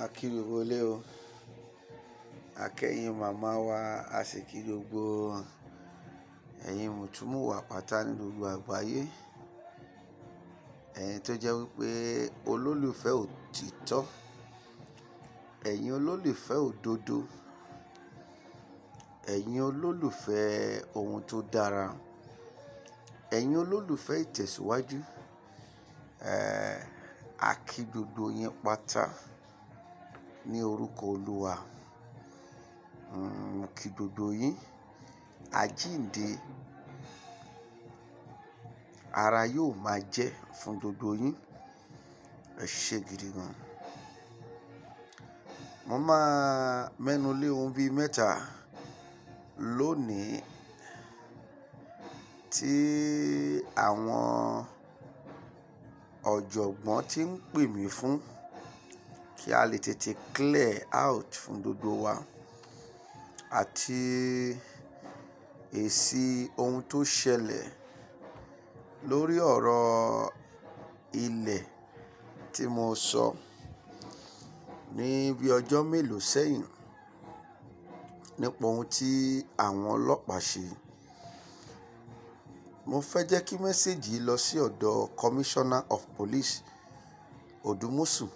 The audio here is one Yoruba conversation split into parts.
akí ah. gbogbo ilé o akẹ́yìn màmá wa a sì kí gbogbo ẹ̀yin mùtúmùwà pátá ní gbogbo àgbáyé ẹ̀yin tó jẹ́ wípé olólùfẹ́ òtítọ́ ẹ̀yin olólùfẹ́ òdodo ẹ̀yin olólùfẹ́ ohun tó dára ẹ̀yin olólùfẹ́ ìtẹ̀síwájú ẹ̀ẹ́. Eh, a kí gbogbo yín pátá ní orúkọ olúwa mo kí gbogbo yín àjíǹde ara yóò máa jẹ́ fún gbogbo yín ẹ ṣe gidi gan mo máa mẹ́nu lé ohun bíi mẹ́ta lónìí Tí àwọn ọ̀jọ̀gbọ́n ti ń pè mí fún kí a lè tètè clear out fún gbogbo wa àti èsì ohun tó ṣẹlẹ̀ lórí ọ̀rọ̀ ilẹ̀ tí mo sọ ní bí ọjọ́ mélòó sẹ́yìn nípa ohun tí àwọn ọlọ́pàá ṣe mo fẹ́ jẹ́ kí mẹ́sẹ̀gì yìí lọ sí ọ̀dọ̀ commissioner of police odùmọ̀sù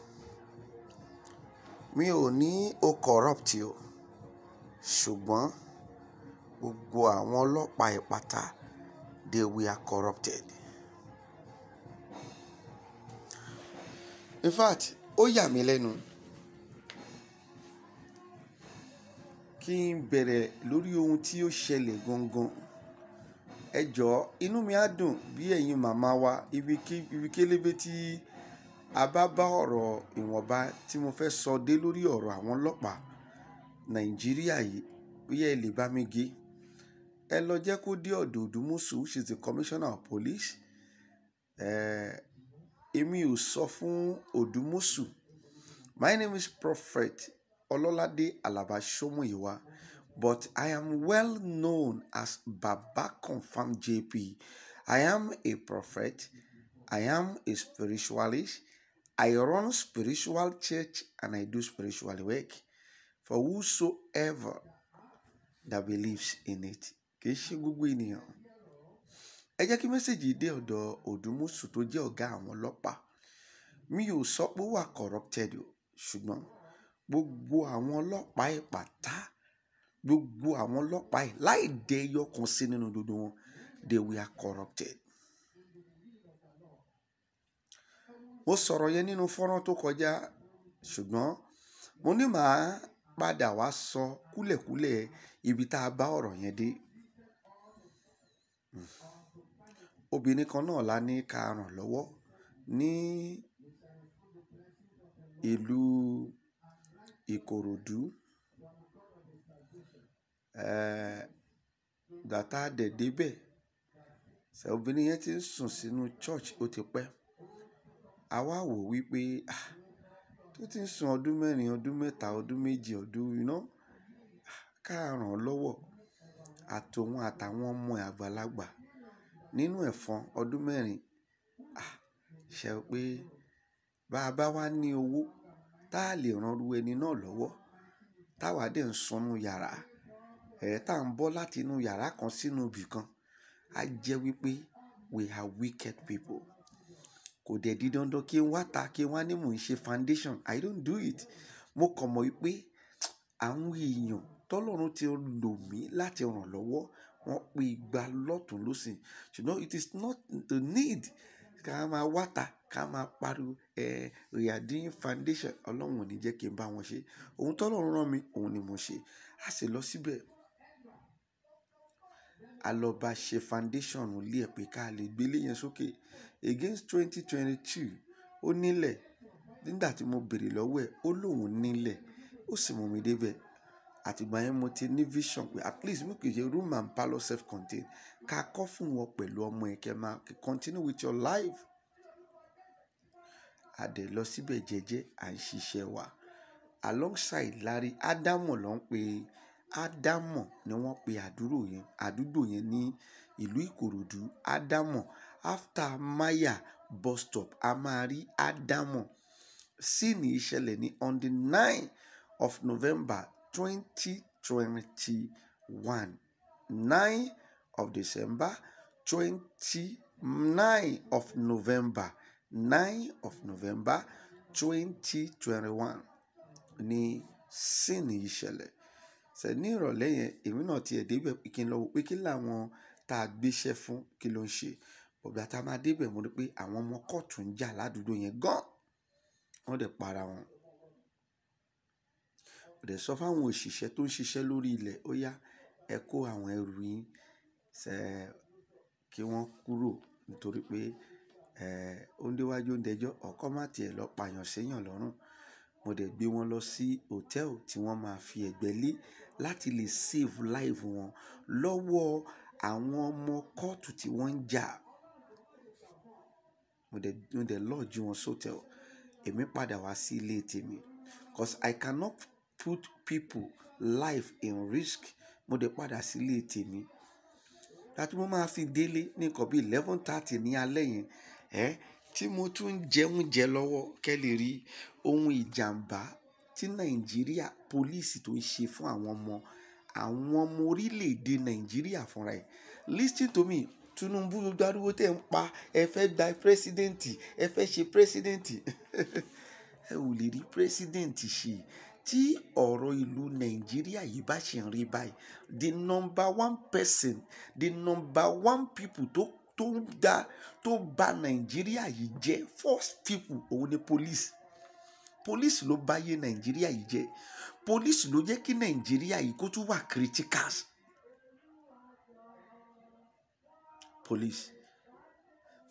mi ò ní o corrupt o ṣùgbọ́n gbogbo àwọn ọlọ́pàá ìpátá they were corrupted. in fact ó yà mí lẹ́nu kí n bẹ̀rẹ̀ lórí ohun tí ó ṣẹlẹ̀ gangan ẹ jọ̀ọ́ inú mi á dùn bí ẹ̀yin màmá wa ibi kélébé tí a bá bá ọ̀rọ̀ ìwọ̀nba tí mo fẹ́ sọ dé lórí ọ̀rọ̀ àwọn ọlọ́pàá nàìjíríà yìí bóyá ẹ lè bá mi gé ẹ lọ jẹ́ kó dé ọ̀dọ̀ òdùmọ̀sù she is the commissioner of police èmi ò sọ fún òdùmọ̀sù my name is prophet ọlọ́ládé alaba ṣómùyíwá but I am well known as Baba Confirm JP. I am a prophet. I am a spiritualist. I run spiritual church and I do spiritual work for whosoever that believes in it. Kì í ṣe gbogbo ènìyàn. Ẹ jẹ́ kí mẹ́sẹ̀gì dé ọ̀dọ̀ Òdùmọ̀sù tó jẹ́ ọ̀gá àwọn ọlọ́pàá. Mi ò sọ pé ó wà corrupted o, ṣùgbọ́n gbogbo àwọn ọlọ́pàá ìpàtà. E gbogbo àwọn ọlọ́pàá yìí láì dé yọkan sí nínú gbogbo wọn they were corrupted. mo sọ̀rọ̀ yẹn nínú fọ́nrán tó kọjá ṣùgbọ́n mo ní màá padà wá sọ kúlẹ̀kúlẹ̀ ibi tá a bá ọ̀rọ̀ yẹn dé. Hmm. obìnrin kan náà la ní ká ràn lọ́wọ́ ní ìlú Ìkòròdú. E Eh, ìgbà tá a dẹ̀ débẹ̀, ṣẹ̀ obìnrin yẹn ti ń sùn sínú church ó ti pẹ́. A wá wò wípé, ah, tó ti ń sùn ọdún mẹ́rin, ọdún mẹ́ta, ọdún méje, ọdún, you know, ah, ká ràn án lọ́wọ́. Àtòun àtàwọn ọmọ ẹ̀ àgbàlagbà nínú ẹ̀fọn ọdún mẹ́rin. Ah, ṣẹ̀ pé bá a bá wá ní owó tá a lè ran irú ẹni náà lọ́wọ́, táwa dẹ̀ ń sùn yàrá ẹ̀rẹ̀ tá à ń bọ́ láti inú yàrá kan sínú ibì kan á jẹ́ wípé we are wicked people. Kò dẹ̀ di dandan kí n wá ta kí n wá ní mò ń ṣe foundation I don't do it. Mo kàn mọ̀ wípé àwọn èèyàn tọ́lọ́run ti lò mí láti ràn lọ́wọ́ wọ́n pe igba lọ́tún lọ́sìn ṣùgbọ́n it is not the need ká máa wá ta ká máa pariwo ẹ rìadín foundation ọlọ́run ò ní jẹ́ kí n bá wọn ṣe ohun tọ́lọ́run rán mi òun ni mo ṣe a sì lọ síbẹ̀ a lọ ṣe foundation lé ẹ̀ pé ká lè gbélé yẹn sókè against twenty twenty two ó nílẹ̀ nígbà tí mo béèrè lọ́wọ́ ẹ̀ ó lóun nílẹ̀ ó sì mú mi débẹ̀ àtìgbà yẹn mo ti ní vision pé at least mo kì í ṣe room and parlour self contained ká kọ́ fún wọn pẹ̀lú ọmọ ẹ̀kẹ́ máa continue with your life a dẹ̀ lọ síbẹ̀ jẹ́jẹ́ à ń ṣiṣẹ́ wa alongside Larry Adamu ló ń pe Ádámọ̀ ni wọ́n pe àdúrò yẹn, àdúgbò yẹn ní ìlú Ìkòròdú. Ádámọ̀. After Maya bus stop, a máa rí Ádámọ̀. Síìnì ìṣẹ̀lẹ̀ ni on the nine of November twenty twenty-one. Nine of December, twenty-nine of November, nine of November twenty twenty-one ni síìnì ìṣẹ̀lẹ̀ ṣẹ̀ ní ìrọ̀lẹ́ yẹn èmi náà ti ẹ̀ débẹ̀ pé kí n lọ wo pé kí làwọn tá a gbéṣẹ́ fún kí ló ń ṣe. Ìgbà tá a máa débẹ̀ mo rí pé àwọn ọmọ kọ́ọ̀tù ń jà ládùúgbò yẹn gan. Wọ́n dẹ̀ pa ara wọn. Mo dẹ̀ sọ fún àwọn òṣìṣẹ́ tó ń ṣiṣẹ́ lórí ilẹ̀ ó yá ẹ kó àwọn ẹrù yín ṣẹ̀ kí wọ́n kúrò nítorí pé, ẹ́, ó ń déwájú ó má tí lọ pàyàn ṣéyàn lọ́rùn. Mo dẹ̀ gbé wọn lọ sí hòtẹ́ẹ̀lì tí wọ́n máa fi ẹ̀gbẹ́ lé láti lè save life wọn lọ́wọ́ àwọn ọmọ kóòtù tí wọ́n ń jà mo dẹ̀ mo dẹ̀ lọ́ọ̀jú wọn sọ́tẹ̀ọ̀ èmi padà wá sí ilé tèmi cause I cannot put people life in risk mo dẹ̀ padà sí ilé tèmi láti mo máa fi délé ní nǹkan bíi eleven thirty ní alẹ́ yẹn ẹ́ tí mo tún ń jẹun jẹ lọ́wọ́ kẹ́ rí ohun ìjàmbá tí Nàìjíríà pólísì tó ń ṣe fún àwọn ọmọ àwọn ọmọ orílẹ̀-èdè Nàìjíríà fúnra ẹ̀ listen to me Tinubu gbárùwó tẹ̀ ń pa ẹ fẹ́ gba pírẹsidẹ́ǹtì ẹ fẹ́ ṣe pírẹsidẹ́ǹtì ẹ ò lè rí pírẹsidẹ́ǹtì ṣe tí ọ̀rọ̀ ìlú nàìjíríà yìí bá ṣe ń rí báyìí the number one person the number one people tó tó ń da tó ba nàìjíríà yìí jẹ́ first people òun ni police police ló báyé nàìjíríà yìí jẹ́ police ló jẹ́ kí nàìjíríà yìí kó tún wà criticals police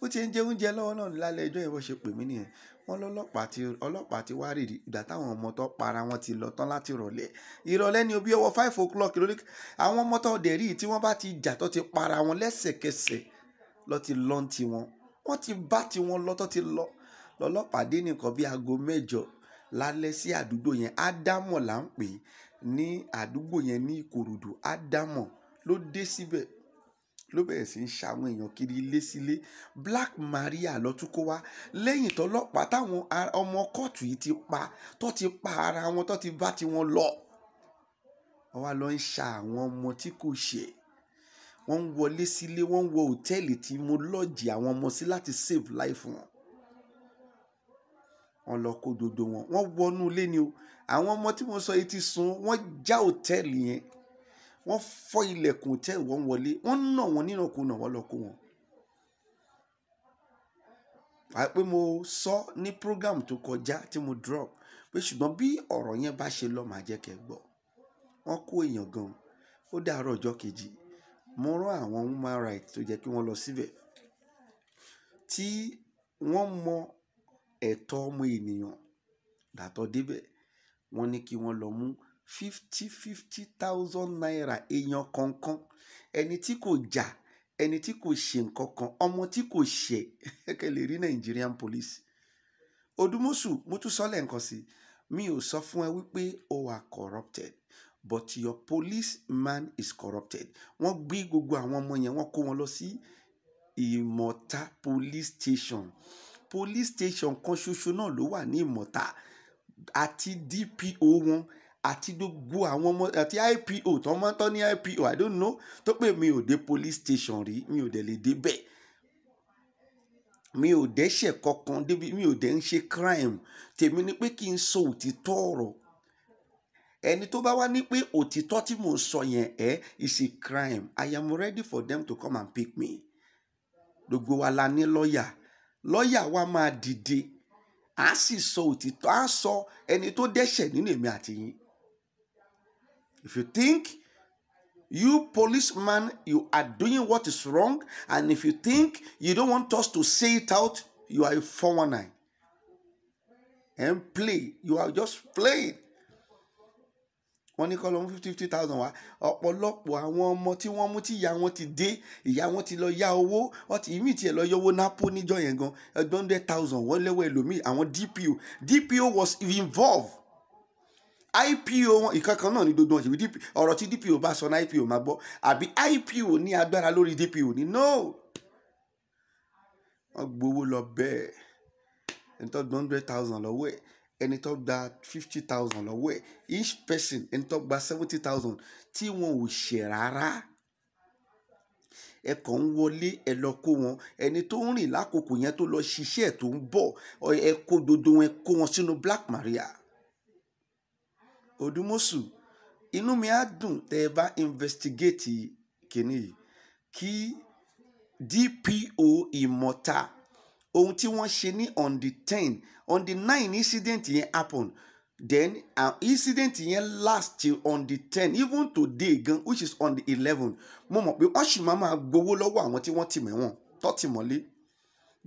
ó ti ń jẹ oúnjẹ lọ́wọ́ náà lálẹ́ ẹjọ́ ìwọ ṣe pè mí nìyẹn wọ́n lọ́lọ́pàá ti ọlọ́pàá ti wá rìrì ìgbà táwọn ọmọ tó para wọn ti lọ tán láti rọ̀lẹ́ ìrọ̀lẹ́ ni obi ọwọ́ five o'clock lórí àwọn ọmọ tó dẹ̀ rí tí wọ́n bá ti jà tó ti para wọn lẹ́sẹ̀kẹsẹ̀ lọ ti lọ́n tiwọn wọ́n ti bá tiwọn lọ́tọ́ ti lọ lọ́lọ́pàá dé nìkan bí aago mẹ́jọ lálẹ́ sí àdúgbò yẹn ádámọ̀ là ń pè ní àdúgbò yẹn ní ìkòròdú ádámọ̀ ló dé síbẹ̀ ló bẹ̀rẹ̀ sí í ṣàwọn èèyàn kiri ilé sílé Black Maria ló tún kó wá lẹ́yìn tọlọ́pàá táwọn ọmọ kóòtù yìí ti pa tó ti pa ara wọn tó ti bá tiwọn lọ wọ́n wá lọ ń ṣa àwọn ọmọ tí kò ṣe wọ́n ń wọlé sílé wọ́n ń wọ hòtẹ́ẹ̀lì tí mo lọ́ọ̀jì àwọn ọmọ sí láti save life wọn wọ́n lọ kó gbogbo wọn wọ́n wọnú ilé ni o àwọn ọmọ tí mo sọ yìí ti sùn wọ́n já òtẹ́ẹ̀lì yẹn wọ́n fọ́ ilẹ̀kùn òtẹ́ẹ̀lì wọ́n wọlé wọ́n nà wọ́n nínàkúnà wọ́n lọ kó wọn. àpé mo sọ ní program tó kọjá tí mo drop pé ṣùgbọ́n bí ọ̀rọ̀ yẹn bá ṣe lọ màá jẹ́ kẹ́ gbọ́ wọ́n kó èèyàn gan ó dàárọ̀ ọjọ́ kejì mo rán àwọn human rights tó jẹ́ kí wọ́n lọ síbẹ̀ tí wọ́n mọ ẹ̀tọ́ ọmọ ènìyàn làtọ́ débẹ̀ wọ́n ní kí wọ́n lọ mú fifty fifty thousand naira èèyàn kọ̀ọ̀kan ẹni tí kò jà ẹni tí kò ṣe nǹkan kan ọmọ tí kò ṣe kẹ́kẹ́ lè rí Nigerian police Odùmọ̀ṣù mo tún sọ lẹ́ǹkan sí mi ò sọ fún ẹ wípé o are corrupted but your police man is corrupted wọ́n gbé gbogbo àwọn ọmọ yẹn wọ́n kó wọn lọ sí Ìmọ̀ta police station police station kan ṣoṣo náà ló wà ní ìmọ̀ta àti dpo wọn àti gbogbo àwọn ọmọ àti ipo tó máa ń tọ́ ní ipo i don't know tó pé mi ò dé police station rí mi ò dẹ̀ lè dé bẹ́ẹ̀ mi ò dẹ́ṣẹ̀ kankan débi mi ò dẹ̀ ń ṣe crime tèmi ni pé kí n sọ òtítọ́ ọ̀rọ̀ ẹni tó bá wá ní pé òtítọ́ tí mò ń sọ yẹn ẹ́ is a crime i am ready for them to come and pick me gbogbo wa la ní lọ́ọ̀yà lọ́ọ̀yà wa máa dìde a sì sọ òtítọ́ a sọ ẹni tó dẹ́ṣẹ̀ nínú èmi àti yín if you think you policeman you are doing what is wrong and if you think you don't want us to say it out you are a four and play you are just playing wọ́n ní kọ́ fifty fifty thousand wá ọ̀pọ̀lọpọ̀ àwọn ọmọ tí wọ́n mú tí ìyá wọn ti dé ìyá wọn ti lọ yá owó ọtí ìmí tiẹ̀ lọ yọ owó nápó níjọ yẹn gan ẹgbẹ́ hundred thousand wọ́n lẹ́wọ́ ẹlòmíì àwọn DPO DPO was involved IPO wọn ìkankan náà ní gbogbo ọ̀sẹ̀ ọ̀rọ̀ tí DPO bá sọ ní IPO máa gbọ́ àbí IPO ní agbára lórí DPO ní no wọ́n gbowó lọ bẹ́ẹ̀ ẹ̀ńtọ́ hundred thousand lọ́wọ́ ẹ̀ ẹni tó gba fifty thousand lọ́wọ́ ẹ̀ each person ẹni tó gba seventy thousand tí wọn ò ṣe rárá ẹ kàn ń wọlé ẹ lọ kó wọn ẹni tó ń rìn lákòókò yẹn tó lọ ṣiṣẹ́ ẹ̀ tó ń bọ̀ ẹ kó dodo wọn kó wọn sínú Black Maria Odumosu inú mi á dùn tẹ ẹ bá investigate kìnìyí kí DPO Imota ohun tí wọ́n ṣe ní on the ten on the nine incident yẹn happen then uh, incident yẹn last till on the ten even today gan which is on the eleven mo mọ̀ pé wọ́n sì máa máa gbowó lọ́wọ́ àwọn tí wọ́n tì mẹ́wọ̀n tó mọ́lé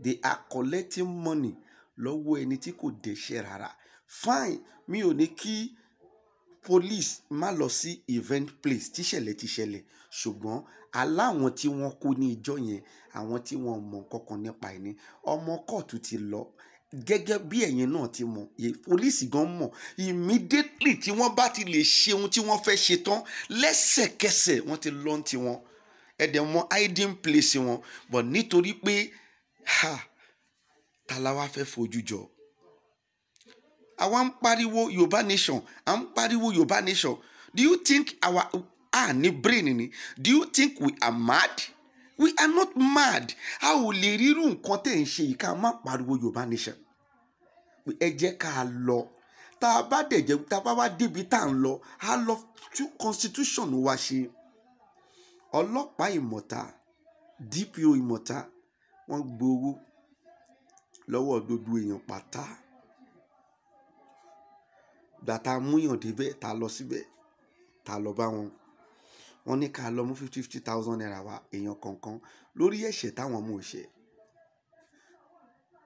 they are collecting money lọ́wọ́ ẹni tí kò dẹ́ṣẹ̀ rárá fine mi ò ní kí police má lọ sí event place tíṣẹ̀lẹ̀ tíṣẹ̀lẹ̀ ṣùgbọ́n aláwọn tí wọ́n kó ní ìjọ yẹn àwọn tí wọ́n mọ̀ kankan nípa ẹ̀ ní ọmọ kóòtù ti lọ gẹ́gẹ́ bí ẹ̀yin náà ti mọ̀ e, polisi gan mọ̀ immediately tí wọ́n bá ti lè ṣe ohun tí wọ́n fẹ́ ṣe tán lẹ́sẹ̀kẹsẹ̀ wọ́n ti lọ́n ti wọn ẹ̀dẹ̀ mọ hiding place wọn but nítorí pé ha ta la wá fẹ́ fojú jọ àwa ń pariwo Yorùbá nation à ń pariwo Yorùbá nation do you think our Ah, ní brain ni do you think we are mad we are not mad a ò lè rírú nǹkan tẹ̀ ń ṣe yìí ká má pariwo yorùbá nation ẹ jẹ́ ká lọ tá a bá dẹ̀ jẹ́ tá a bá wá débi tá à ń lọ a lọ tún constitution wa ṣe ọlọ́pàá ìmọ̀ta DPO ìmọ̀ta wọ́n gbowó lọ́wọ́ gbogbo èèyàn pátá gbàtà múyàn débẹ̀ tá a lọ síbẹ̀ tá a lọ bá wọn wọ́n ní ká lọ mú fifty fifty thousand naira wa èèyàn kọ̀ọ̀kan lórí ẹ̀ṣẹ̀ táwọn mú ṣe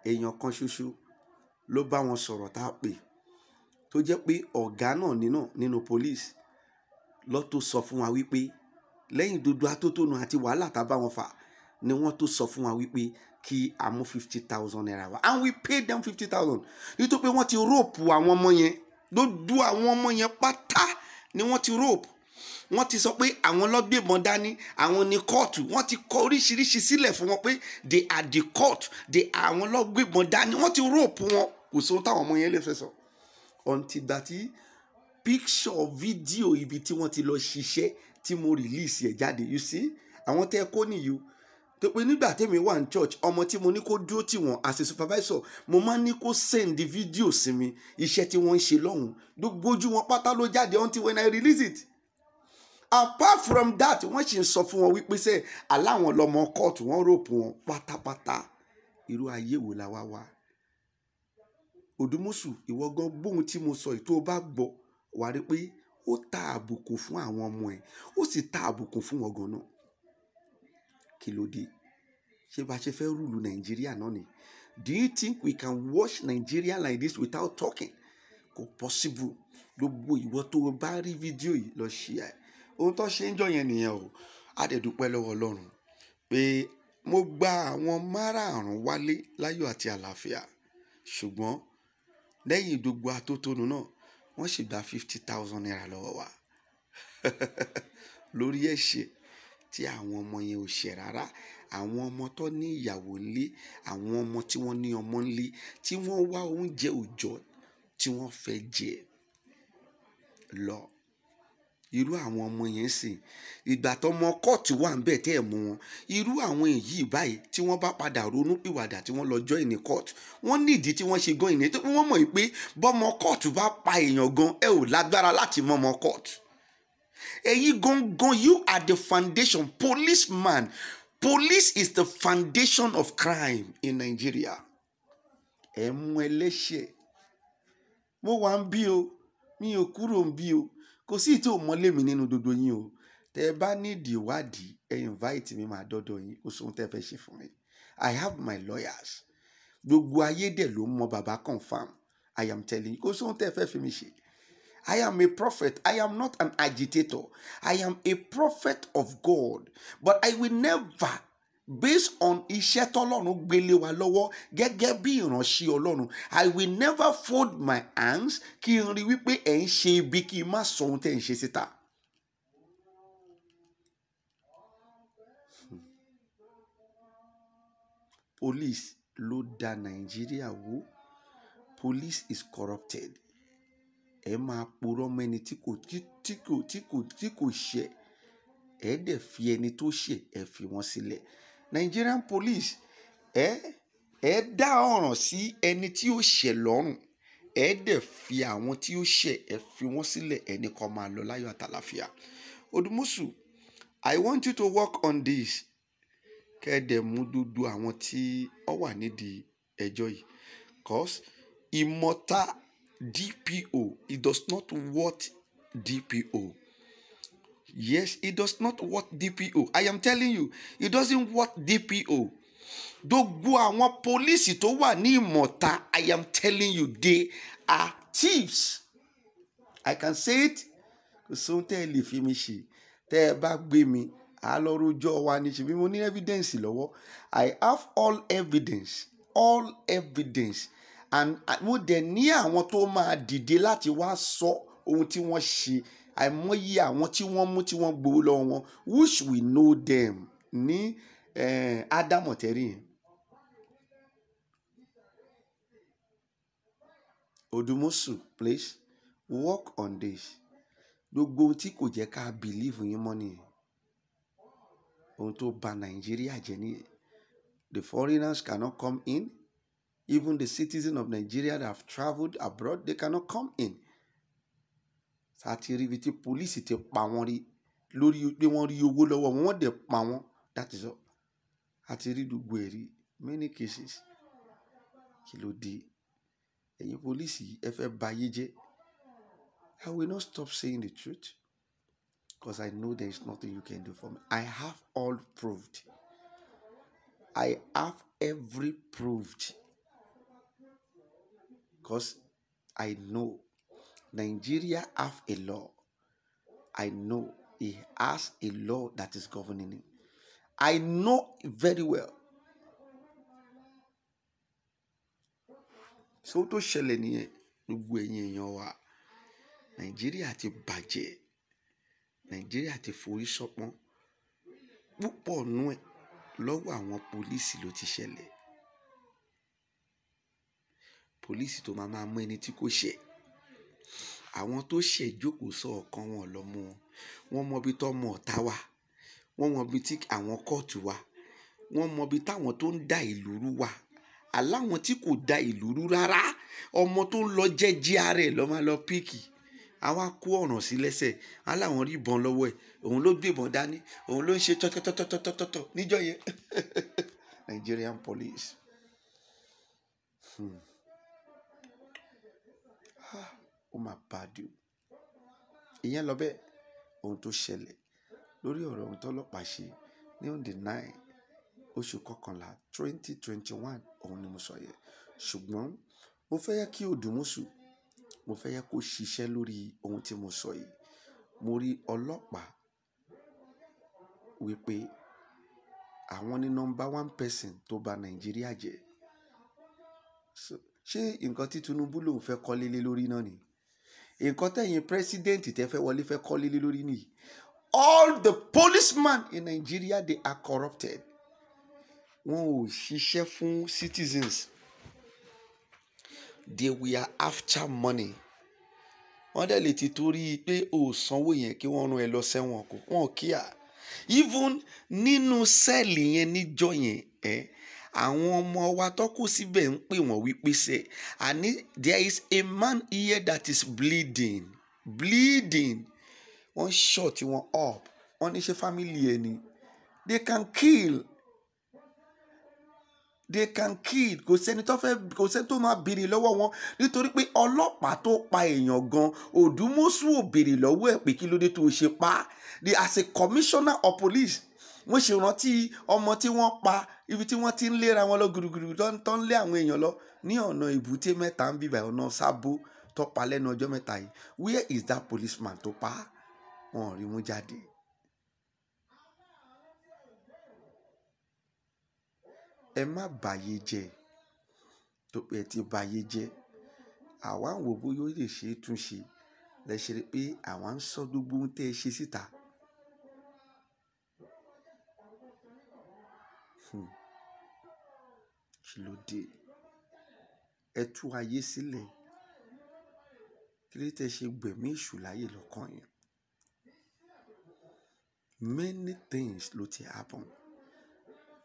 èèyàn kan ṣoṣo ló bá wọn sọ̀rọ̀ tá a pè tó jẹ́ pé ọ̀gá náà nínú nínú police lọ́ tó sọ fún wa wípé lẹ́yìn dodo atótónu àti wàhálà tá a bá wọn fà ni wọ́n tó sọ fún wa wípé kí a mú fifty thousand naira wa and we paid them fifty thousand nítorí pé wọ́n ti rope àwọn ọmọ yẹn lójú àwọn ọmọ yẹn pátá ni wọ́n ti rope wọ́n ti sọ pé àwọn lọ́gbẹ̀mọ̀ dání àwọn ní kóòtù wọ́n ti kọ oríṣiríṣi sílẹ̀ fún wọn pé they are the court they are àwọn lọ́gbẹ̀mọ̀ dání wọ́n ti rọ́ọ̀pù wọn kò sóhun táwọn ọmọ yẹn lè fẹ́ sọ. ọ̀ǹtìgbà tí píkṣọ̀ fídíò ibi tí wọ́n ti lọ ṣiṣẹ́ tí mo rìlíìsì ẹ̀ jáde you see àwọn tẹ́ ẹ kó nìyí o tó pé nígbà tẹ́mi wà ní church ọmọ tí mo ní kó dúró tì wọ́n as a supervisor mo máa ní kó send the video sí mi iṣẹ́ tí wọ́n ń ṣe lọ́hùn-ún gbogbo ojú wọn pátá ló jáde until when I release it apart from that wọ́n sì ń sọ fún wọn wípé sẹ́ aláwọn lọ́mọ kóòtù wọ́n ròpò wọn pátápátá irú ayé wo la wá wá òdùmọ̀sù ìwọ gan gbóhun tí mo sọ ìtò bá gbọ́ wà rí pé ó ta àbùkù fún àwọn ọmọ ẹ̀ ó sì ta àbùkù fún wọn ganan kí ló dé ṣé bá ṣe fẹ́ rúlu nàìjíríà náà ni do you think we can watch Nigeria like this without talking kò possible gbogbo ìwọ tó o bá rí fídíò yìí lọ ṣí ẹ ohun tó ṣe ń jọ yẹn nìyẹn o a dẹ̀ dúpẹ́ lọ́wọ́ ọlọ́run pé mo gba àwọn márààrún wálé láyọ̀ àti àlàáfíà ṣùgbọ́n lẹ́yìn gbogbo atótónu náà wọ́n sì gba fifty thousand naira lọ́wọ́ wa lórí ẹ̀ṣẹ̀ tí àwọn ọmọ yẹn ò ṣe rárá àwọn ọmọ tó ní ìyàwó ńlé àwọn ọmọ tí wọ́n ní ọmọ ńlé tí wọ́n wá oúnjẹ òòjọ́ tí wọ́n fẹ́ jẹ lọ irú àwọn ọmọ yẹn sì ìgbà tọmọ kóòtù wà ń bẹ̀ tẹ́ ẹ̀ mú wọn irú àwọn èyí báyìí tí wọ́n bá padà ronú pìwàdà tí wọ́n lọ join ní kóòtù wọ́n nídìí tí wọ́n ṣe gan ìní tó wọ́n mọ̀ pé bọ́mọ kóòtù bá pa èèyàn gan ẹ ò lágbára láti mọ ọmọ kóòtù èyí gangan you are the foundation Police man, police is the foundation of crime in Nigeria ẹ mú ẹlẹ́ṣẹ̀ mo wà ń bí o mi ò kúrò ń bí o kò sí ìtò mọ́lẹ́mí nínú gbogbo yín o tẹ bá nídìí ìwádìí ẹ invite mi máa dọ́dọ̀ yín kò sóhun tẹ́ fẹ́ ṣe fún mi i have my lawyers gbogbo ayé dẹ̀ ló mọ bàbá confam i am telling you kò sóhun tẹ́ fẹ́ fi mi ṣe i am a prophet i am not an agitator i am a prophet of god but i will never based on iṣẹ́ tọ́lọ́run gbélé wa lọ́wọ́ gẹ́gẹ́ bí ìránṣẹ́ ọlọ́run i will never fold my hands kí n rí wípé ẹ̀ ń ṣe ibi kí n má sọ ohun tẹ̀ ń ṣe síta. police ló da nàìjíríà wo, police is corrupted ẹ máa purọ́ mẹ́ni tí kò tí kò tí kò tí kò ṣẹ̀ ẹ dẹ̀ fi ẹni tó ṣẹ̀ ẹ fi wọ́n sílẹ̀. Si Nigerian police ẹ ẹ dá ọ̀ràn sí ẹni tí ó ṣẹ̀ lọ́rùn ẹ dẹ̀ fi àwọn tí ó ṣẹ̀ ẹ fi wọ́n sílẹ̀ ẹni kan máa lọ láyọ̀ àtàlàfíà Odùmọ̀ṣù I want you to work on this kẹ́ ẹ dẹ̀ mú gbogbo àwọn tí ó wà nídìí ẹjọ́ yìí cause imota DPO it does not worth DPO. Yes, it does not want DPO. I am telling you, it doesn't want DPO. Gbogbo àwọn pólísì tó wà ní ìmọ̀ta, I am telling you, they are thieves. I can say it. Kò sóhun tẹ́ ẹ lè fi mi ṣe. Tẹ́ ẹ bá gbé mi, a lọ rojọ́ wa ní ṣe mo ní evidence lọ́wọ́. I have all evidence, all evidence. And uh, mo dẹ̀ ní àwọn tó máa dìde láti wá sọ ohun tí wọ́n ṣe àìmọye àwọn tí wọ́n mú tí wọ́n gbowó lọ́wọ́ wọn which we know them ní ádámọ̀tẹ́rì yẹn. Odumosu. please work on this gbogbo ohun tí kò jẹ́ ká believe yín mọ́ nìyẹn ohun tó bà Nàìjíríà jẹ́ nìyẹn the foreigners cannot come in even the citizens of Nigeria that have travelled abroad they cannot come in sá ti rí ibi tí pólíìsì ti pa wọ́n rí lórí pé wọ́n rí owó lọ́wọ́ wọn wọ́n dẹ̀ pa wọ́n that is all a ti rí gbogbo ẹ̀ rí many cases kí ló dé ẹ̀yin pólíìsì ẹ fẹ́ bayé jẹ́ I will not stop saying the truth because I know there is nothing you can do for me I have all proved I have every proved because I know. Nigeria have a law. I know he has a law that is governing him. I know very well. So tó ṣẹlẹ̀ nìyẹn gbogbo ẹ̀yin èèyàn wa Nàìjíríà ti bàjẹ́ Nàìjíríà ti forí sọpọ́n púpọ̀ nú ẹ̀ lọ́wọ́ àwọn pólíìsì ló ti ṣẹlẹ̀ pólíìsì tó máa máa mú ẹni tí kò ṣẹ̀ àwọn tó ṣẹ̀ jókòó sọ ọ̀kan wọn lọ́mọ wọn wọ́n mọ ibi tọ́mọ ọ̀tá wa wọ́n mọ ibi tí àwọn kóòtù wa wọ́n mọ ibi táwọn tó ń da ìlú rú wa aláwọn tí kò da ìlú rú rárá ọmọ tó ń lọ jẹ́jẹ́ ara ẹ̀ ló máa lọ píìkì àwa kó ọ̀ràn sí lẹ́sẹ̀ aláwọn rí ìbọn lọ́wọ́ ẹ̀ òun ló gbébọn dání òun ló ń ṣe tọ́tọ́tọ́tọ́tọ́tọ́ níjọ́ yẹn Nigerian police. Hmm ó máa bàdì o ìyẹn lọ bẹ́ẹ̀ ohun tó ṣẹlẹ̀ lórí ọ̀rọ̀ ohun tọ́lọ́pàá ṣe ní on the oṣù kọkànlá twenty twenty one òun ni mo sọ yẹn ṣùgbọ́n mo fẹ́ yẹ kí òdùmọ̀ṣù mo fẹ́ yẹ kó ṣiṣẹ́ lórí ohun tí mo sọ yìí mo rí ọlọ́pàá wípé àwọn ni nọmba one person tó bà Nàìjíríà jẹ́ ṣé nǹkan tí Tinubu lòun fẹ́ kọ́ lélẹ́ lórí náà ni nǹkan tẹ̀yìn president tẹ́ fẹ́ wọlé fẹ́ kọ́ lílé lórí nìyí all the policemen in Nigeria they are corrupted wọn ò ṣiṣẹ́ fún citizens they were after money wọ́n dẹ̀ lè ti torí pé ò sanwó yẹn kí wọ́n rán ẹ lọ sẹ́wọ̀n kó wọn kíá even nínú sẹ́ẹ̀lì yẹn níjọ́ yẹn ẹ̀ eh, àwọn ọmọ wa tó kù síbẹ̀ ń pè wọ́n wípé ṣe àní there is a man here that is bleeding bleeding wọ́n short wọn up wọ́n ní ṣe family ẹ̀ ni they can kill they can kill kò sẹ́ni tó fẹ́ kò sẹ́ni tó máa béèrè lọ́wọ́ wọn nítorí pé ọlọ́pàá tó pa èèyàn gan òdùmọ̀sù ò béèrè lọ́wọ́ ẹ̀ pé kí ló dé tó ṣe pa the as a commissioner of police wọ́n ṣe rántí ọmọ tí wọ́n pa ibi tí wọ́n ti ń léra wọn lọ gùrùgùrù tó ń lé àwọn èèyàn lọ ní ọ̀nà ìbúté mẹ́ta ń bíbà ọ̀nà sábó tó lẹ́nu ọjọ́ mẹ́ta yìí where is that policeman tó pa wọn ò rí mú jáde. ẹ má bàyé jẹ́ tó pé ẹ ti bàyé jẹ́ àwa ń wò bóyá ó lè ṣe é túnṣe lẹ ṣe rí pé àwa ń sọ gbogbo ohun tẹ́ ẹ ṣe síta. Si fún un kí ló dé ẹ tú ayé sílẹ̀ kí ló tẹ ṣe gbẹ̀mí èṣù láyè lọ́kàn yẹn many things ló ti happen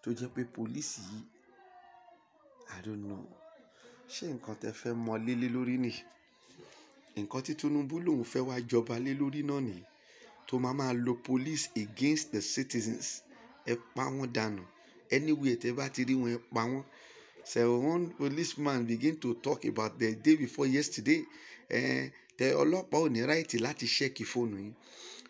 tó jẹ́ pé pólísì yìí I don't know ṣé nǹkan tẹ fẹ́ mọ lélé lórí nìyí nǹkan tí Tinubu lòun fẹ́ wá jọba lé lórí náà nìyí tó máa máa lo police against the citizens ẹ pa wọ́n dànù anywhere tẹ́ bá ti rí wọn pa wọ́n so one policeman begin to talk about the day before yesterday eh, tẹ ọlọ́pàá ò ní ráìtì láti ṣẹ́ẹ̀kì fóònù yìí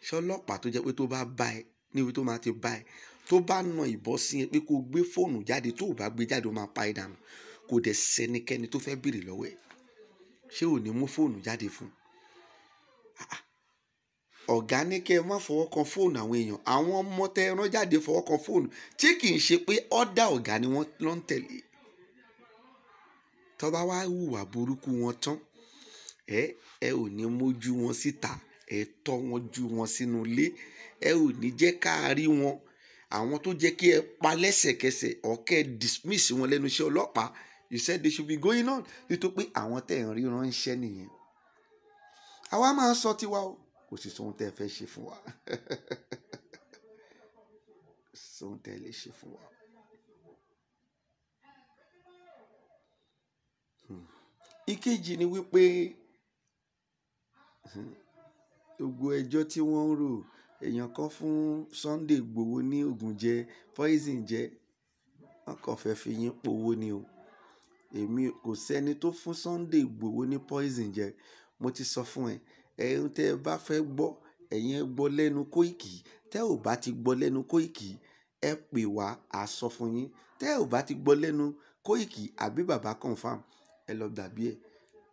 ṣé ọlọ́pàá tó jẹ́ pé tó bá bá ẹ níbi tó máa ti bá ẹ tó bá na ìbọn sí ẹ pé kó gbé fóònù jáde tó bá gbé jáde ó máa pa ẹ dànù kò dẹ̀ sẹ́nikẹ́ni tó fẹ́ béèrè lọ́wọ́ ẹ ṣé ò ní mú fóònù jáde fún un ah, ah ọ̀gá ní kẹ́ ẹ má fọwọ́ kan fóònù àwọn èèyàn àwọn ọmọ tẹ ẹran jáde fọwọ́ kan fóònù tí kì í ṣe pé ọ̀dà ọ̀gá ni wọ́n lọ ń tẹ̀lé tọ́ba wá hùwà burúkú wọn tán ẹ ẹ ò ní mójú wọn síta ẹ tọ́ wọn ju wọn sínú ilé ẹ ò ní jẹ́ ká a rí wọn àwọn tó jẹ́ kí ẹ pa lẹ́sẹ̀kẹsẹ̀ ọ̀kẹ́ dismiss wọn lẹ́nu iṣẹ́ ọlọ́pàá you said they should be going on nítorí pé àwọn tẹ̀ ń ríran ń ṣẹ́ nìyẹn àwa máa ń sọ tiwa o kò sì sóhun tẹ́ ẹ fẹ́ ṣe fún wa sóhun tẹ́ ẹ lè ṣe fún wa. ìkejì ni wípé gbogbo ẹjọ́ tí wọ́n ń rò èèyàn kan fún Sunday Igboho ní oògùn jẹ poison jẹ wọn kàn fẹ́ fi yín powó ni o èmi kò sẹ́ni tó fún Sunday Igboho ní poison jẹ mo ti sọ fún ẹ Ẹ̀hún tẹ bá fẹ́ gbọ́, ẹ̀yin ẹ gbọ́ lẹ́nu Kóìkì. Tẹ ò bá ti gbọ́ lẹ́nu Kóìkì, ẹ pè wá, a sọ fún yín. Tẹ ò bá ti gbọ́ lẹ́nu Kóìkì àbí Baba Confirm, ẹ lọ gbàgbé ẹ̀.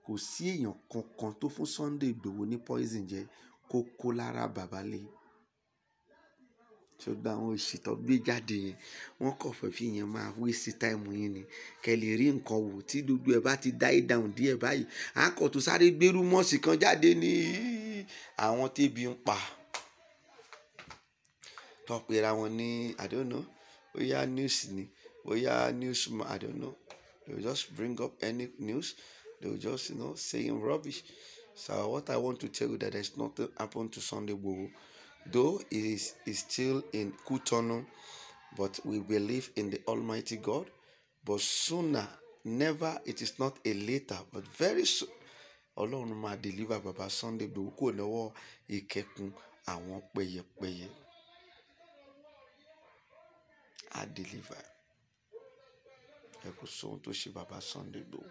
Kò sí èèyàn kankan tó fún Sunday Igboho ní poison jẹ kó kó lára bàbá lé ṣùgbọ́n àwọn òṣì tó gbé jáde yẹn wọ́n kọ̀ fẹ́ fi yẹn máa waste time yẹn ni kẹ́ lè rí nǹkan wò tí gbogbo ẹ̀ bá ti die down díẹ̀ báyìí àkọ́ tó sáré gbérú mọ́ọ̀sì kan jáde ní àwọn tébi ń pa tọpẹ́ra wọn ní I don't know bóyá news ni bóyá news ma I don't know they will just bring up any news they will just you know saying rubbish so what I want to tell you that there is nothing happen to Sunday Igboho. Though he is, is still in Cotonou, but we believe in the Almighty God. But sooner, never, it is not a later, but very soon. Ọlọ́run máa deliver bàbá Sunday Igboho kúrò lọ́wọ́ ìkẹ́kùn àwọn pẹyẹpẹyẹ. I deliver ẹ kò sóhun tó ṣe bàbá Sunday Igboho.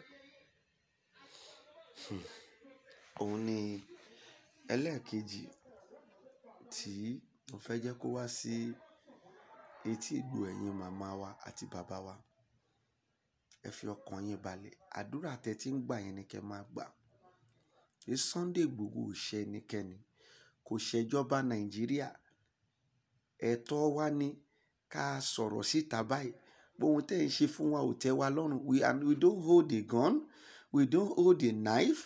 Hmm. òun ni ẹlẹ́ẹ̀kejì tí mo fẹ́ jẹ́ kó wá sí etí ìgbò ẹ̀yin màmá wa àti bàbá wa. Ẹ fi ọkàn yín balẹ̀. Àdúrà tẹ tí ń gbà yẹn ni kẹ máa gbà. Pé Sunday Igboho ò ṣe kò ṣẹjọba Nàìjíríà. Ẹ̀tọ́ wa ni ká sọ̀rọ̀ síta báyìí. Pé ohun tẹ́ ń ṣe fún wa ò tẹ́ wa lọ́rùn. We and we don't hold a gun, we don't hold a knife.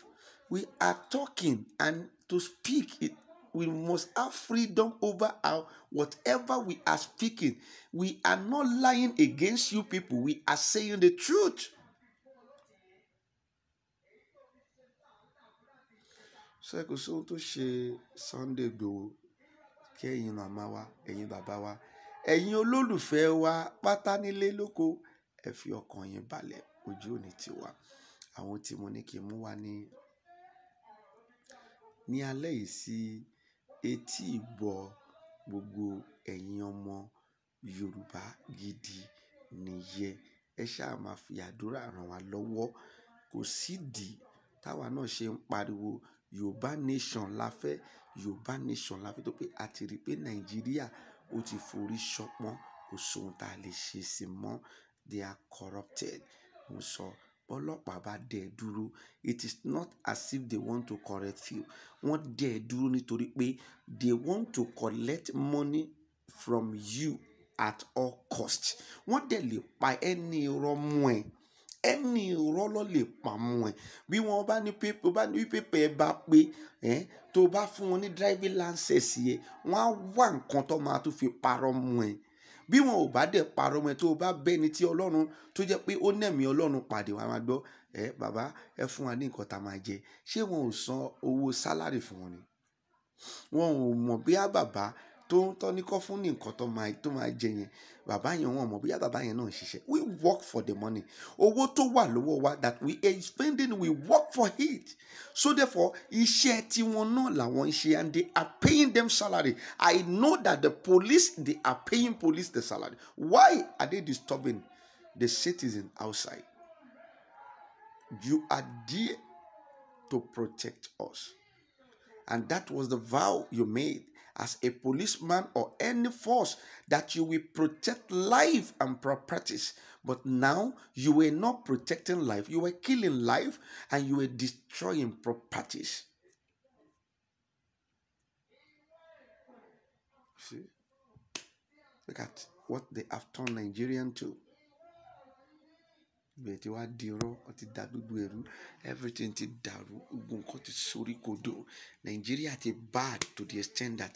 We are talking and to speak it we must have freedom over our whatever we are speaking. We are not lying against you people, we are saying the truth. ṣé kò sóhun tó ṣe Sunday Igboho kí màmá wa ẹ̀yin bàbá wa ẹ̀yin olólùfẹ́ wa pátá ẹ fi ọkàn yín balẹ̀ ojú òní tiwa àwọn tí mo ní kí n mú wá ní alẹ́ yìí sí. Si, etí ìgbọ́ gbogbo ẹ̀yin ọmọ Yorùbá gidi nìyẹn. Ẹ ṣáà máa fi àdúrà ràn wá lọ́wọ́. Kò sídìí táwa náà ṣe ń pariwo Yorùbá nation la fẹ́, Yorùbá nation la fẹ́ torí pé a ti rí pé Nàìjíríà ó ti forí ṣọpọ́n, kò sí ohun a lè ṣe sí i mọ́. They are corrupted. Mo sọ bọ́lọ́pàá bá dẹ̀ ẹ́ dúró it is not as if they want to correct you wọ́n dẹ̀ ẹ́ dúró nítorí pé they want to collect money from you at all cost wọ́n dẹ̀ lè pa ẹni irọ́ mú ẹ ẹni irọ́ ló lè pa mú ẹ bí wọ́n bá ní pépè bá ní pépè ẹ bá pé ẹ tó bá fún wọn ní driving license yẹ wọ́n á wá nǹkan tó máa tún fi parọ́ mú ẹ bí wọn ò bá dẹ̀ parọ́ mọ́ ẹ tó o bá bẹ́ni tí ọlọ́run tó jẹ́ pé ó nẹ̀mí ọlọ́run pàdé wa máa gbọ́ ẹ bàbá ẹ fún wa ní nǹkan tá a máa jẹ ṣé wọn ò san owó sálárì fún wọn ni wọn ò mọ̀ bí á bàbá tó tọ́ ní kọ́ ní nǹkan tó máa tó máa jẹ yẹn bàbá yẹn wọn mọ̀ bóyá bàbá yẹn náà ṣiṣẹ́ we work for the money owó tó wà lọ́wọ́ wa that we are spending we work for it so therefore iṣẹ́ tiwọn náà làwọn ṣe and they are paying them salary I know that the police they are paying police the salary why are they disturbing the citizen outside you are there to protect us and that was the vow you made as a policeman or any force that you will protect life and properties. But now you were not protecting life, you were killing life and you were destroying properties. See? Look at what they have turned Nigerian to. gbogbo ẹ̀ ti wá di irọ́ wọ́n ti da gbogbo ẹ̀rú everything ti dàrú gbogbo nǹkan ti soríkodò Nàìjíríà ti bad to the extent that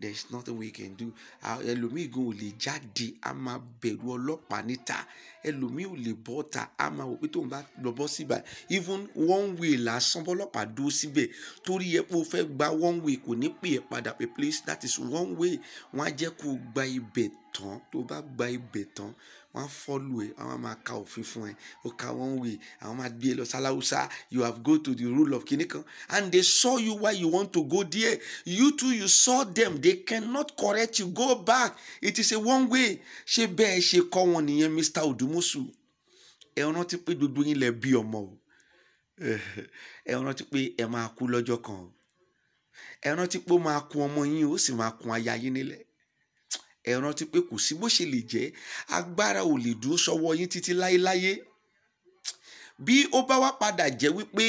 there is nothing we can do ẹlòmíì gan ò lè jáde a máa bẹ̀rù ọlọ́pàá níta ẹlòmíì ò lè bọ́ ta a máa wò pé tóun bá lọ bọ́ síbà even one way lásán bọ́lọ́pàá dúró síbẹ̀ torí ẹ pé o fẹ́ gba one way kò ní pè é padà pé please that is one way wọ́n á jẹ́ kó o gba ibẹ̀ tán tó bá gba ibẹ̀ tán wọ́n á fọ́lù ẹ̀ àwọn máa ka òfin fún ẹ ó ka one way àwọn máa gbé ẹ e lọ sáláwùsá you have go to the rule of kìnìkan and they saw you while you want to go there you too you saw them they they cannot correct you go back it is a one way ṣé bẹ́ẹ̀ ṣe kọ́ wọn nìyẹn Mr. Odumusu. ẹ rántí pé gbogbo yín lẹ bí ọmọ o ẹ rántí pé ẹ máa kú lọ́jọ́ kan ẹ rántí pé ó máa kun ọmọ yín ó sì máa kun aya yín nílẹ̀ ẹ rántí pé kò sí bó ṣe lè jẹ́ agbára ò lè dúró sọ́wọ́ yín títí láéláyé bí ó bá wá padà jẹ́ wípé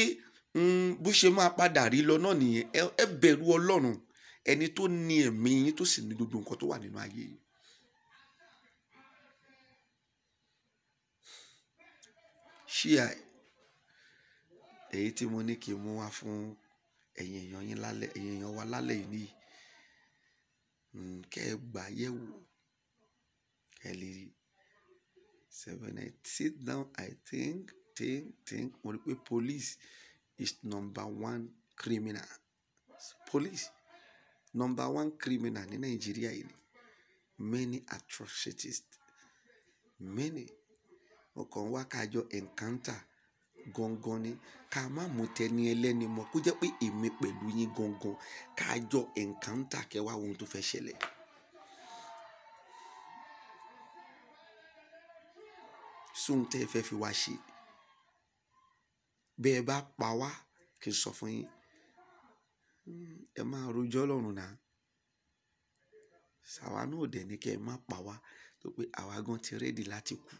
hmm, bó ṣe máa padà rí lọ náà nìyẹn ẹ bẹ̀rù Ọlọ́run ẹni tó ní ẹ̀mí yín tó sì ní gbogbo nǹkan tó wà nínú ayé yín. ṣíà èyí tí mo ní kí n mú wá fún ẹ̀yin èèyàn yín lálẹ́ ẹ̀yin èèyàn wa lálẹ́ yìí nìyí hmm, kẹ́ ẹ gbà yẹ̀ wò kẹ́ ẹ lè rí seven eight sit down I think think think mo rí pé police is number one criminal police number one criminal ní nàìjíríà yìí ni many atrocities many ọkàn wa kájọ encounter gangan ni ká má mú tẹni ẹlẹ́ni mọ́ kó jẹ́ pé èmi pẹ̀lú yín gangan kájọ encounter kẹwàá ohun tó fẹ́ ṣẹlẹ̀. sóhun tẹ́ ẹ fẹ́ fi wá ṣe bẹ́ẹ̀ bá pa wá kí n sọ fún yín ẹ máa rojọ́ lọ́rùn náà ṣàwa náà ò dẹ̀ ní kẹ́ ẹ má pa wá tó pé àwa gan ti rédì láti kú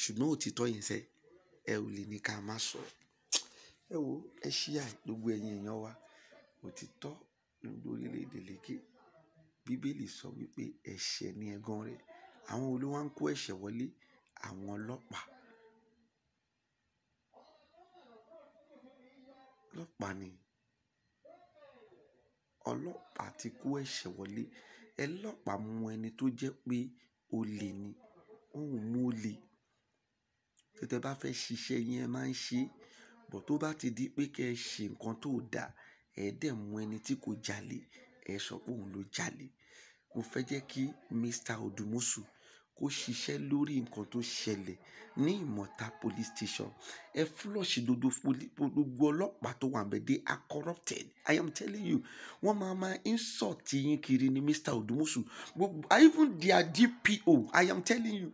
ṣùgbọ́n òtítọ́ yìí sẹ́ ẹ ò lè ní ká má sọ ẹ wo ẹ ṣíà gbogbo ẹ̀yin èèyàn wa òtítọ́ lórí orílẹ̀-èdè lékè bíbélì sọ wípé ẹ̀ṣẹ̀ ni ẹ̀gàn rẹ̀ àwọn olówó ń kó ẹ̀ṣẹ̀ wọlé àwọn ọlọ́pàá ọlọ́pàá ni ọlọ́pàá ti kó ẹ̀ṣẹ̀ wọlé ẹlọ́pàá mú ẹni tó jẹ́ pé olè ni wọn ò mú olè tí tẹ bá fẹ́ ṣiṣẹ́ yín ẹ máa ń ṣe bọ̀ tó bá ti di pé kẹ́ ẹ ṣe nǹkan tó dà ẹ dẹ̀ mú ẹni tí kò jalè ẹ sọ pé òun ló jalè mo fẹ́ jẹ́ kí Mr. Odumosu kó ṣiṣẹ́ lórí nǹkan tó ṣẹlẹ̀ ní Ìmọ̀ta police station ẹ flush gbogbo gbogbo ọlọ́pàá tó wà ń bẹ̀ they are corrupted I am telling you wọ́n máa máa insult yín kiri ni Mr. Odumosu gbogbo even their DPO I am telling you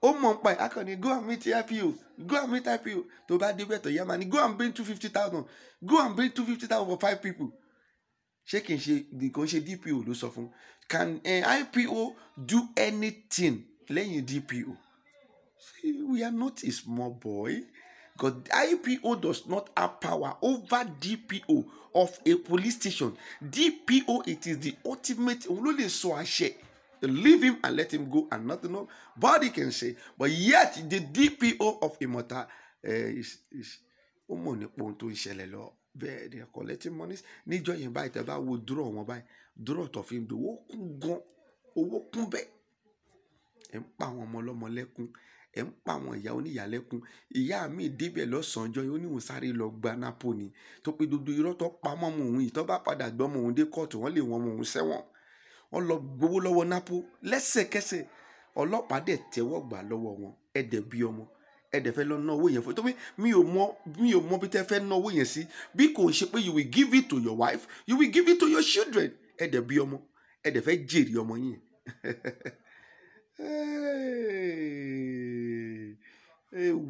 ó mọ̀ ń pa ẹ̀ akọni go and meet IPO go and meet IPO tó bá débẹ̀ tó yá ma ni go and bring two fifty thousand go and bring two fifty thousand for five people ṣé kì ṣe kò ṣe DPO ló sọ fún can uh, eh, IPO do anything lẹ́yìn DPO See, we are not a small boy God, IPO does not have power over DPO of a police station DPO it is the ultimate òun ló lè sọ àṣẹ leave him and let him go and nothing nobody can say but yet the DPO of Imota uh, is is ó mọ̀ nípa ohun tó ń ṣẹlẹ̀ lọ bẹ́ẹ̀ they are collecting monies níjọ yẹn báyìí tẹ́ bá wo draw wọn báyìí draw tó fi ń dòwó kún gan owó kún bẹ́ẹ̀ ẹ̀ ń pa àwọn ọmọ ọlọ́mọ lẹ́kún ẹ̀ ń pa àwọn ìyá oníyàlẹ́kùn ìyá mi débẹ̀ lọ́sàn-án jọ ó ní òun sáré lọ gba napo ni tó pé dodo irọ́ tó pa mọ́ ọmọ òun yìí tó bá padà gbọ́ ọmọ òun dé kóòtù wọ́n lè wọ́n ọmọ òun sẹ́wọ̀n wọ́n lọ gbowó lọ́wọ́ napo lẹ́sẹ̀kẹsẹ̀ ọlọ́pàá dẹ̀ tẹ́wọ́ gbà lọ́wọ́ wọn ẹ̀dẹ̀ bí ọmọ ẹ dẹ̀ fẹ́ lọ ná owó yẹn fún tóbi mi ò mọ mi ò mọ bí tẹ́ fẹ́ ná owó yẹn sí bí kò ṣe pé you will give it to your wife you will give it to your children ẹ dẹ̀ bí ọmọ ẹ dẹ̀ fẹ́ jèrè ọmọ yẹn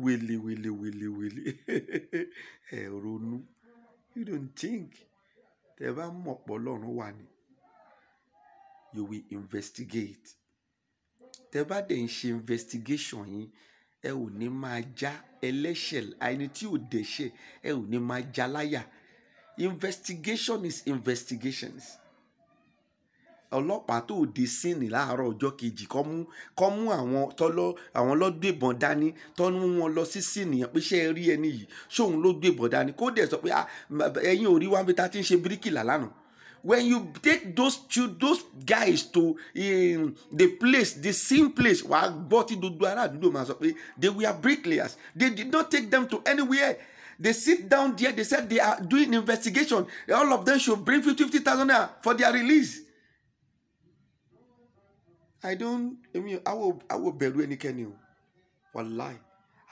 wele wele wele wele ẹ ronú you don't think tẹ́ bá mọ̀ pọ̀ lọ́rùn wà ní you will investigate tẹ́ bá dẹ̀ ń ṣe investigation yín ẹ ò ní máa já ẹlẹ́ṣẹ̀ ẹni tí ò dẹ́ṣẹ̀ ẹ ò ní máa já láyà investigation is investigations ọlọ́pàá tó dé sínì láàárọ̀ ọjọ́ kejì kọ́ mú kọ́ mú àwọn tọ́lọ́ àwọn lọ́gbẹ̀bọ̀n dání tọ́nu wọn lọ sí sínì pé ṣé ẹ rí ẹni yìí ṣóun ló dání kó dẹ̀ sọ pé ah, ẹ̀yin ò rí wá bí ta ti ń ṣe bíríkìlà lánàá when you take those two those guys to um, the place the same place wàá gbọ́ tí gbogbo ará they were bricklayers they did not take them to anywhere they sit down there they said they are doing investigation all of them should bring fifty thousand naira for their release i don't I I will. èmi àwọn àwọn bẹ̀rù ẹnikẹ́ni I will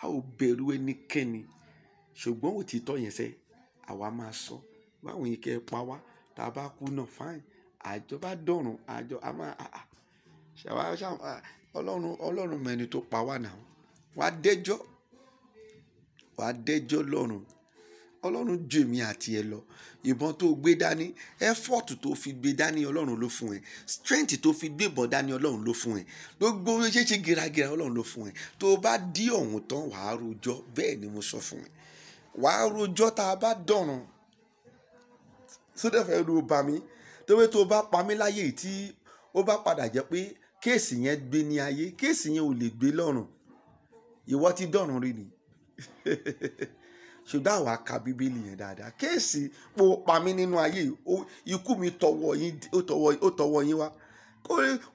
àwọn bẹ̀rù ẹnikẹ́ni ṣùgbọ́n òtítọ́ yẹn sẹ́ àwa máa sọ báwọn yìí kẹ́ ẹ pa wá tá a bá kú náà fine àjọ bá dọ̀rùn àjọ a máa àà ṣàwá ṣàwá ọlọ́run ọlọ́run mẹ́ni tó pa wá náà wàá dẹ́jọ́ wàá dẹ́jọ́ lọ́run ọlọ́run ju èmi àti ẹ lọ ìbọn tó gbé dání effort tó fi gbé dání ọlọ́run ló fún ẹ strength tó fi gbé ìbọn dání ọlọ́run ló fún ẹ gbogbo ṣéṣe gíragíra ọlọ́run ló fún ẹ tó bá dí ọ̀hún tán wàá rojọ́ bẹ́ẹ̀ ni mo sọ fún ẹ wàá rojọ́ tá a bá dọ̀rùn sódà fẹ́ ru bá mi tó pé tó bá pa mí láyé tí ó bá padà jẹ́ pé kéèsì yẹn gbé ní ayé kéèsì yẹn ò lè gbé lọ́run ìwọ ti dọ̀run rí ni ṣùgbọ́n àwa ka bíbélì yẹn dáadáa kéèsì po pa mí nínú ayé ikú mi tọwọ́ yín ó tọwọ́ yín wá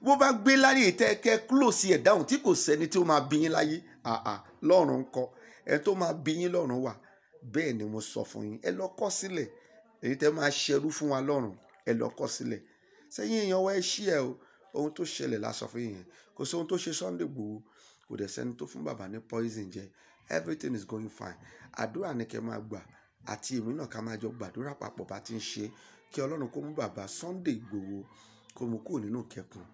bó bá gbé láyé tẹ́ kẹ́ close ẹ̀ dáhùn tí kò sẹ́ni tí ó máa bí yín láyé àà lọ́run ń kọ́ ẹ tó máa bí yín lọ́run wà bẹ́ẹ̀ ni mo sọ fún yín ẹ lọ kọ sílẹ̀ èyí tẹ́ máa ṣerú fún wa lọ́rùn ẹ lọ kọ sílẹ̀ sẹ́yìn èèyàn wá ẹ ṣí ẹ o ohun tó ṣẹlẹ̀ la sọ fún yẹn kò sí ohun tó ṣe Sunday Igboho kò dẹ̀ sẹ́ni tó fún bàbá ní poison jẹ everything is going fine àdúrà ni kẹ́ máa gbà àti èmi náà ká máa jọ gbàdúrà papọ̀ bá ti ń ṣe kí Ọlọ́run kó mú bàbá Sunday Igboho kó mú kúrò nínú kẹkùn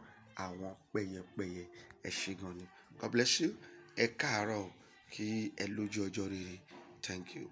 àwọn pẹyẹpẹyẹ ẹ ṣé gan ni God bless you ẹ káàárọ̀ kí ẹ lójú ọjọ́ rere thank you.